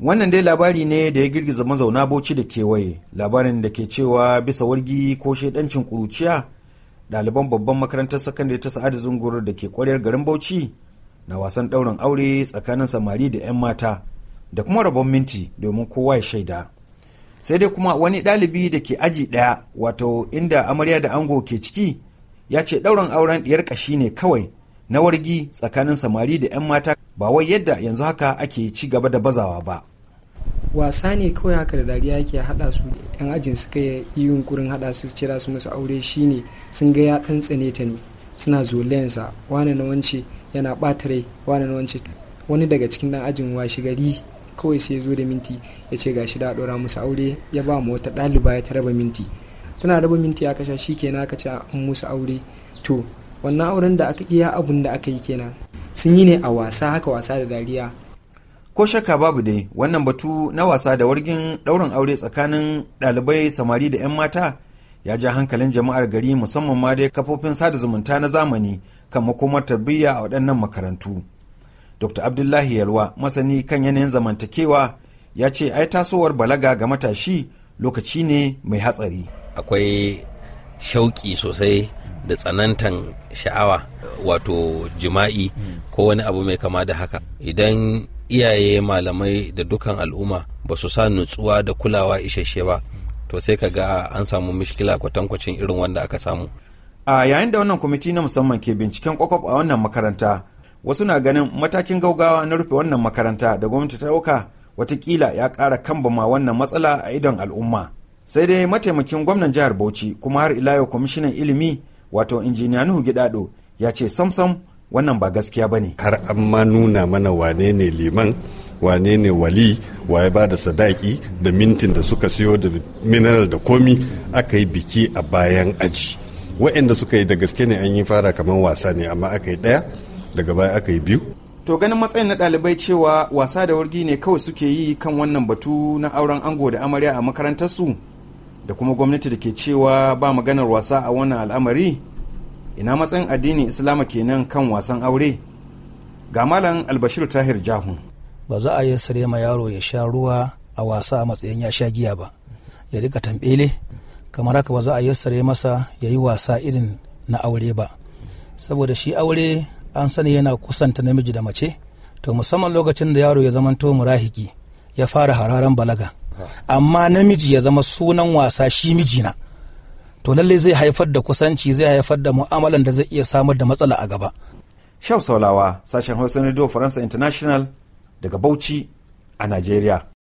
wannan dai labari ne da ya girgiza mazauna bauchi da kewaye labarin da ke cewa bisa wargi ko shaidancin kuruciya ɗaliban babban makarantar sakandare ta sa'adu zungur da ke kwaryar garin bauchi na wasan ɗaurin aure tsakanin samari da 'yan mata da kuma rabon minti domin kowa ya shaida sai dai kuma wani ɗalibi da ke aji ɗaya wato inda amarya da ango ke ciki ya ce ɗaurin auren ɗiyar ƙashi ne kawai na wargi tsakanin samari da 'yan mata ba wai yadda yanzu haka ake ci gaba da bazawa ba wasa ne kawai haka da dariya yake hada su yan ajin suka yi yunkurin hada su cira su musu aure shine sun ga ya ɗan tsane ta ne suna zolensa wani na wance yana ɓata rai wani na wance wani daga cikin dan ajin washi gari kawai sai zo da minti ya ce gashi da dora musu aure ya ba mu wata ɗaliba ya ta raba minti tana raba minti aka sha shi kenan aka ce an musu aure to wannan auren da aka iya abun da aka yi kenan sun yi ne a wasa haka wasa da dariya ko shakka babu dai wannan batu na wasa da wargin ɗaurin aure tsakanin ɗalibai samari da 'yan mata ya ja hankalin jama'ar gari musamman ma dai kafofin sada zumunta na zamani kan makomar tarbiyya a waɗannan makarantu dr abdullahi yalwa masani kan yanayin zamantakewa ya ce ai tasowar balaga ga matashi lokaci ne mai hatsari akwai shauƙi sosai da tsanantan sha'awa wato jima'i ko wani abu mai kama da haka idan iyaye malamai da dukan al'umma ba su sa nutsuwa da kulawa isasshe ba to sai ka ga an samu mishkila kwatankwacin irin wanda aka samu a yayin da wannan kwamiti na musamman ke binciken kwakwaf a wannan makaranta wasu na ganin matakin gaugawa na rufe wannan makaranta da gwamnati ta dauka watakila ya kara kambama wannan matsala a idon al'umma sai dai mataimakin gwamnan jihar bauchi kuma har ila yau kwamishinan ilimi wato injiniya nuhu gidado ya ce samsam wannan ba gaskiya ba ne har an ma nuna mana wane ne liman wane ne wali waye ba da sadaki da mintin da suka siyo da mineral da komi aka yi biki a bayan aji wa'inda suka yi da gaske ne an yi fara kamar wasa ne amma aka yi ɗaya daga baya aka yi biyu to ganin matsayin na dalibai cewa wasa da wargi ne kawai suke yi kan wannan batu na auren ango da amarya a makarantarsu da kuma gwamnati da ke cewa ba maganar wasa a wannan al'amari ina matsayin addinin islama kenan kan wasan aure ga malam albashir tahir jahu. ba za a yi sare ma yaro ya sha ruwa a wasa a matsayin ya sha giya ba ya rika tambele kamar haka ba za a yi sare masa ya yi wasa irin na aure ba saboda shi aure an sani yana kusanta namiji da mace to musamman lokacin da yaro ya zamanto murahiki ya fara hararan balaga amma namiji ya zama sunan wasa shi mijina to lallai zai haifar da kusanci zai haifar da mu'amalan da zai iya samar da matsala a gaba shau saulawa sashen hausa radio faransa international daga bauchi a nigeria